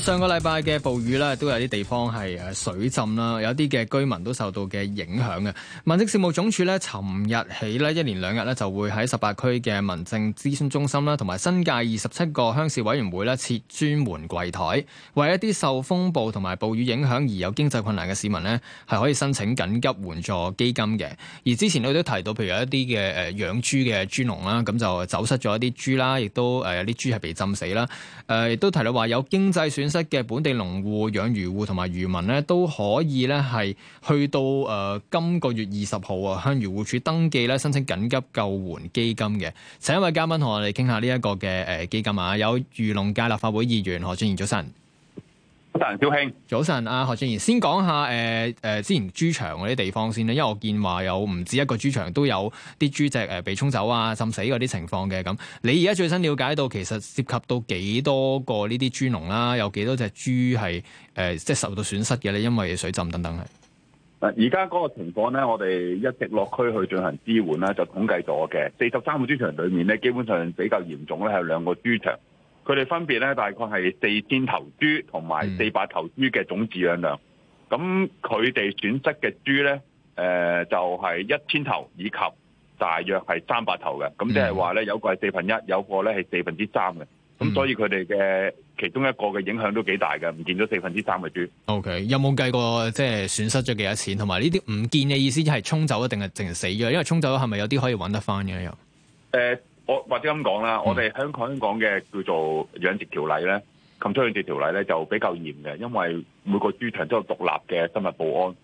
上個禮拜嘅暴雨咧，都有啲地方係誒水浸啦，有啲嘅居民都受到嘅影響嘅。民政事務總署咧，尋日起咧一連兩日咧就會喺十八區嘅民政諮詢中心啦，同埋新界二十七個鄉事委員會咧設專門櫃枱，為一啲受風暴同埋暴雨影響而有經濟困難嘅市民咧，係可以申請緊急援助基金嘅。而之前你都，呃呃，都提到，譬如有一啲嘅誒養豬嘅豬農啦，咁就走失咗一啲豬啦，亦都有啲豬係被浸死啦。誒，亦都提到話有經濟損損失嘅本地農戶、養魚戶同埋漁民咧都可以咧係去到誒、呃、今個月二十號啊，向漁護署登記咧申請緊急救援基金嘅。請一位嘉賓同我哋傾下呢一個嘅誒基金啊，有漁農界立法會議員何俊賢，早晨。早晨，小慶。早晨，阿何俊賢，先講下誒誒、呃呃，之前豬場嗰啲地方先咧，因為我見話有唔止一個豬場都有啲豬隻誒被沖走啊、浸死嗰啲情況嘅。咁你而家最新了解到，其實涉及到幾多個呢啲豬籠啦，有幾多隻豬係誒即係受到損失嘅咧，因為水浸等等係。而家嗰個情況呢，我哋一直落區去進行支援啦，就統計咗嘅四十三個豬場裏面呢，基本上比較嚴重咧係兩個豬場。佢哋分別咧，大概係四千頭豬同埋四百頭豬嘅總飼養量。咁佢哋損失嘅豬咧，誒、呃、就係一千頭以及大約係三百頭嘅。咁即係話咧，就是、有個係四分一，一是分，有個咧係四分之三嘅。咁所以佢哋嘅其中一個嘅影響都幾大嘅，唔見咗四分之三嘅豬。O、okay. K. 有冇計過即係損失咗幾多錢？同埋呢啲唔見嘅意思係沖走一定係淨係死咗？因為沖走係咪有啲可以揾得翻嘅又？誒、呃。我或者咁講啦，我哋香港香港嘅叫做養殖條例咧，禽畜養殖條例咧就比較嚴嘅，因為每個豬場都有獨立嘅生物保安，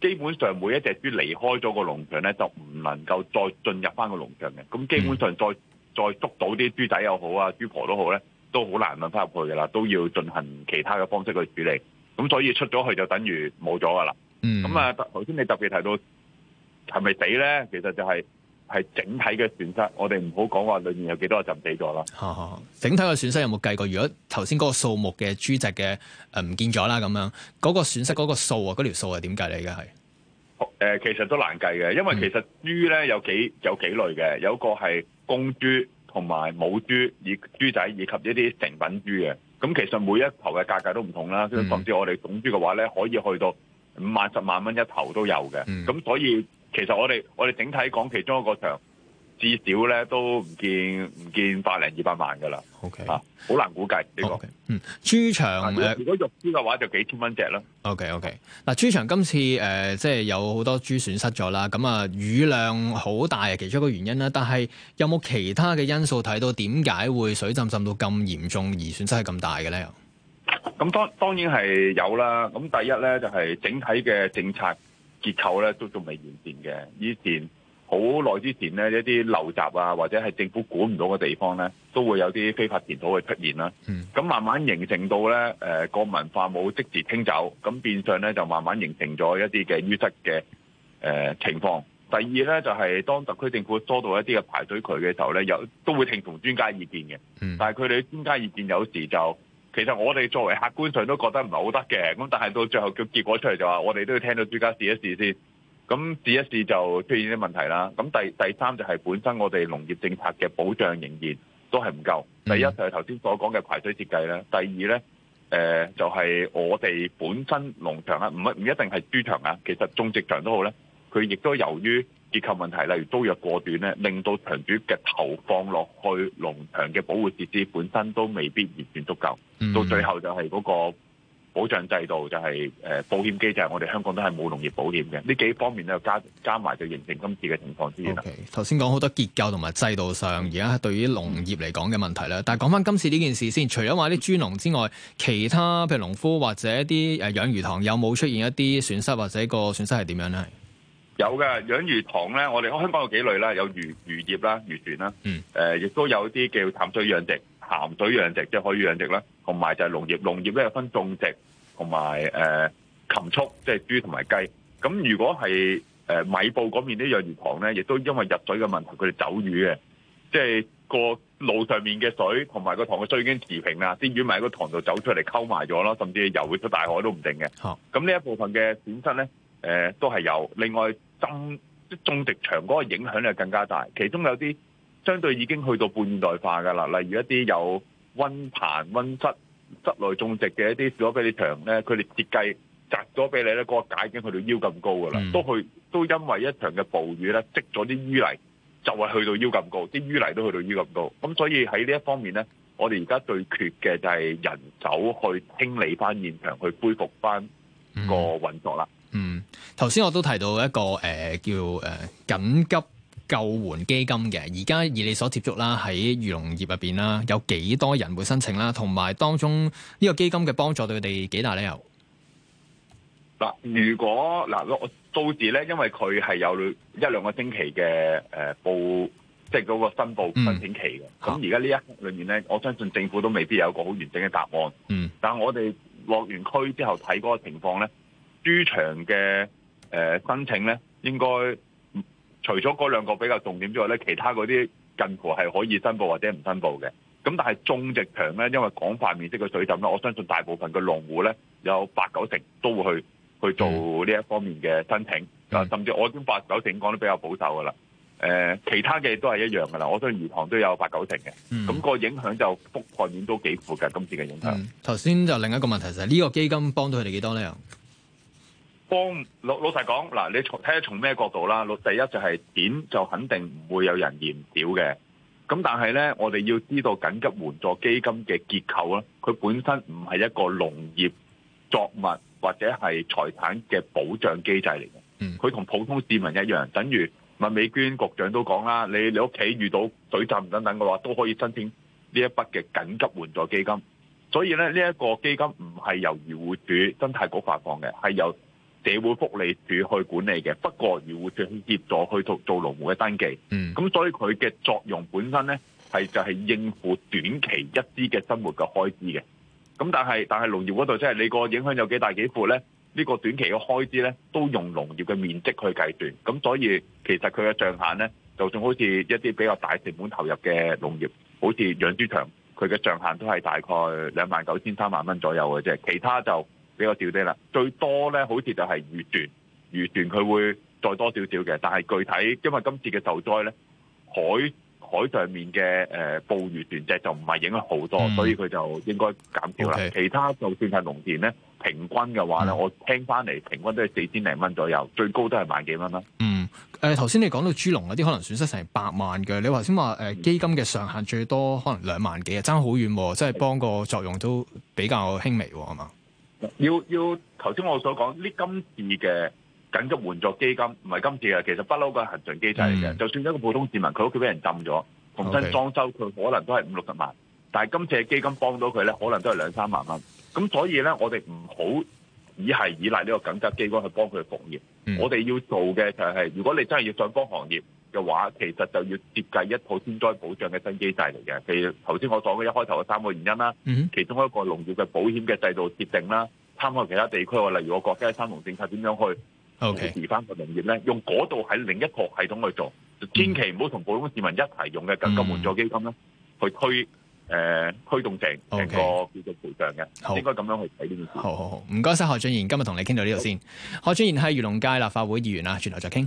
基本上每一隻豬離開咗個農場咧，就唔能夠再進入翻個農場嘅。咁基本上再再捉到啲豬仔又好啊，豬婆都好咧，都好難運翻入去噶啦，都要進行其他嘅方式去處理。咁所以出咗去就等於冇咗噶啦。嗯。咁啊，頭先你特別提到係咪死咧？其實就係、是。係整體嘅損失，我哋唔好講話裏面有幾多個浸死咗啦。整體嘅損失有冇計過？如果頭先嗰個數目嘅豬隻嘅誒唔見咗啦，咁樣嗰，那個損失嗰，那個數啊，嗰條數係點計嚟嘅？而家係誒，其實都難計嘅，因為其實豬咧有幾有幾，有幾類嘅，有個係公豬同埋母豬，以豬仔以及一啲成品豬嘅。咁其實每一頭嘅價格，格都唔同啦，甚、嗯、至我哋種豬嘅話咧，可以去到五萬十萬蚊一頭都有嘅。咁、嗯、所以。其實我哋我哋整體講其中一個場，至少咧都唔見唔見百零二百萬噶啦。Okay. 啊，好難估計呢、okay. 這個。Okay. 嗯，豬場如果肉豬嘅話就幾千蚊隻啦。OK OK、啊。嗱，豬場今次、呃、即係有好多豬損失咗啦。咁啊雨量好大啊，其中一個原因啦。但係有冇其他嘅因素睇到點解會水浸浸到咁嚴重而損失係咁大嘅咧？咁當當然係有啦。咁第一咧就係、是、整體嘅政策。結構咧都仲未完善嘅，以前好耐之前咧一啲陋習啊，或者係政府管唔到嘅地方咧，都會有啲非法填土嘅出現啦。咁、嗯、慢慢形成到咧，誒個文化冇即時清走，咁變相咧就慢慢形成咗一啲嘅淤塞嘅誒情況。第二咧就係、是、當特區政府疏導一啲嘅排水渠嘅時候咧，有都會聽從專家意見嘅、嗯，但係佢哋專家意見有時就。其實我哋作為客觀上都覺得唔係好得嘅，咁但係到最後嘅結果出嚟就話，我哋都要聽到專家試一試先，咁試一試就出現啲問題啦。咁第第三就係本身我哋農業政策嘅保障仍然都係唔夠。第一就係頭先所講嘅排水設計啦，第二呢，誒、呃、就係、是、我哋本身農場啊，唔唔一定係豬場啊，其實種植場都好呢，佢亦都由於。結構問題，例如租約過短咧，令到場主嘅投放落去農場嘅保護設施本身都未必完全足夠，到最後就係嗰個保障制度就係誒保險機制，我哋香港都係冇農業保險嘅。呢幾方面咧，加加埋就形成今次嘅情況之源啦。頭先講好多結構同埋制度上，而家對於農業嚟講嘅問題咧，但係講翻今次呢件事先，除咗話啲豬農之外，其他譬如農夫或者一啲誒養魚塘有冇出現一啲損失，或者個損失係點樣咧？有噶，養魚塘咧，我哋香港有幾類啦，有漁漁業啦、漁船啦，誒、mm. 呃，亦都有啲叫淡水養殖、鹹水養殖，即係可以養殖啦。同埋就係農業，農業咧有分種植同埋誒禽畜，即係豬同埋雞。咁如果係誒米埔嗰邊啲養魚塘咧，亦都因為入水嘅問題，佢哋走魚嘅，即係個路上面嘅水同埋個塘嘅水已經持平啦，啲魚咪喺個塘度走出嚟溝埋咗咯，甚至游會出大海都唔定嘅。咁、mm. 呢、嗯、一部分嘅損失咧？誒、呃、都係有，另外浸即種植場嗰個影響咧更加大，其中有啲相對已經去到半現代化噶啦，例如一啲有溫棚、溫室室內種植嘅一啲小玻璃場咧，佢哋設計摘咗俾你咧，那個架已經去到腰咁高噶啦、嗯，都去都因為一場嘅暴雨咧積咗啲淤泥，就係、是、去到腰咁高，啲淤泥都去到腰咁高，咁所以喺呢一方面咧，我哋而家最缺嘅就係人手去清理翻現場，去恢復翻個運作啦。嗯嗯，頭先我都提到一個誒、呃、叫誒、呃、緊急救援基金嘅，而家以你所接觸啦，喺漁農業入邊啦，有幾多人會申請啦？同埋當中呢個基金嘅幫助對佢哋幾大理由。嗱，如果嗱、呃、我到時咧，因為佢係有一兩個星期嘅誒、呃、報，即係嗰個申報申請期嘅。咁而家呢一裏面咧，我相信政府都未必有一個好完整嘅答案。嗯，但係我哋落完區之後睇嗰個情況咧。豬場嘅誒申請咧，應該除咗嗰兩個比較重點之外咧，其他嗰啲近乎係可以申報或者唔申報嘅。咁但係種植場咧，因為廣泛面積嘅水浸咧，我相信大部分嘅農戶咧，有八九成都會去去做呢一方面嘅申請。啊、嗯，甚至我已經八九成講得比較保守噶啦。誒，其他嘅都係一樣噶啦。我相信魚塘都有八九成嘅。咁、嗯，那個影響就覆蓋面都幾闊嘅，今次嘅影響。頭、嗯、先就另一個問題就係、是、呢個基金幫到佢哋幾多咧？幫老老實講，嗱，你看看從睇下從咩角度啦。第一就係、是、錢就肯定唔會有人嫌少嘅。咁但係呢，我哋要知道緊急援助基金嘅結構啦。佢本身唔係一個農業作物或者係財產嘅保障機制嚟嘅。佢同普通市民一樣，等於麥美娟局長都講啦。你，你屋企遇到水浸等等嘅話，都可以申請呢一筆嘅緊急援助基金。所以咧，呢、這、一個基金唔係由漁護署、生態局發放嘅，係由社會福利署去管理嘅，不過漁護署去協助去做做農務嘅登記。咁、嗯、所以佢嘅作用本身咧，係就係應付短期一啲嘅生活嘅開支嘅。咁但係但係農業嗰度即係你個影響有幾大幾闊咧？呢、呢個短期嘅開支咧，都用農業嘅面積去計算。咁所以其實佢嘅上限咧，就算好似一啲比較大成本投入嘅農業，好似養豬場，佢嘅上限都係大概兩萬九千三萬蚊左右嘅啫。其他就，比較少啲啦，最多咧好似就係漁船漁船佢會再多少少嘅，但係具體因為今次嘅受災咧海海上面嘅誒捕魚船隻就唔係影響好多、嗯，所以佢就應該減少啦。Okay. 其他就算係農田咧，平均嘅話咧、嗯，我聽翻嚟平均都係四千零蚊左右，最高都係萬幾蚊啦。嗯，誒、呃，頭先你講到豬籠嗰啲可能損失成百萬嘅，你話先話誒基金嘅上限最多可能兩萬幾啊，爭好遠，即係幫個作用都比較輕微係嘛？要要頭先我所講，呢，今次嘅緊急援助基金唔係今次嘅，其實不嬲個恆常機制嚟嘅。Mm. 就算一個普通市民，佢屋企俾人浸咗，重新裝修佢可能都係五六十萬，但係今次嘅基金幫到佢咧，可能都係兩三萬蚊。咁所以咧，我哋唔好以係依賴呢個緊急機關去幫佢復業。Mm. 我哋要做嘅就係、是，如果你真係要再幫行業。嘅話，其實就要設計一套天災保障嘅新機制嚟嘅。其實頭先我講嘅一開頭嘅三個原因啦、嗯，其中一個農業嘅保險嘅制度設定啦，參考其他地區例如我國家嘅三農政策點樣去扶持翻個農業咧，用嗰度喺另一個系統去做，嗯、千祈唔好同普通市民一齊用嘅緊急援助基金咧，去推誒、嗯呃、推動成成個叫做賠償嘅，應該咁樣去睇呢件事。好好好，唔該晒，何俊賢，今日同你傾到呢度先。何俊賢係漁農界立法會議員啊，轉頭再傾。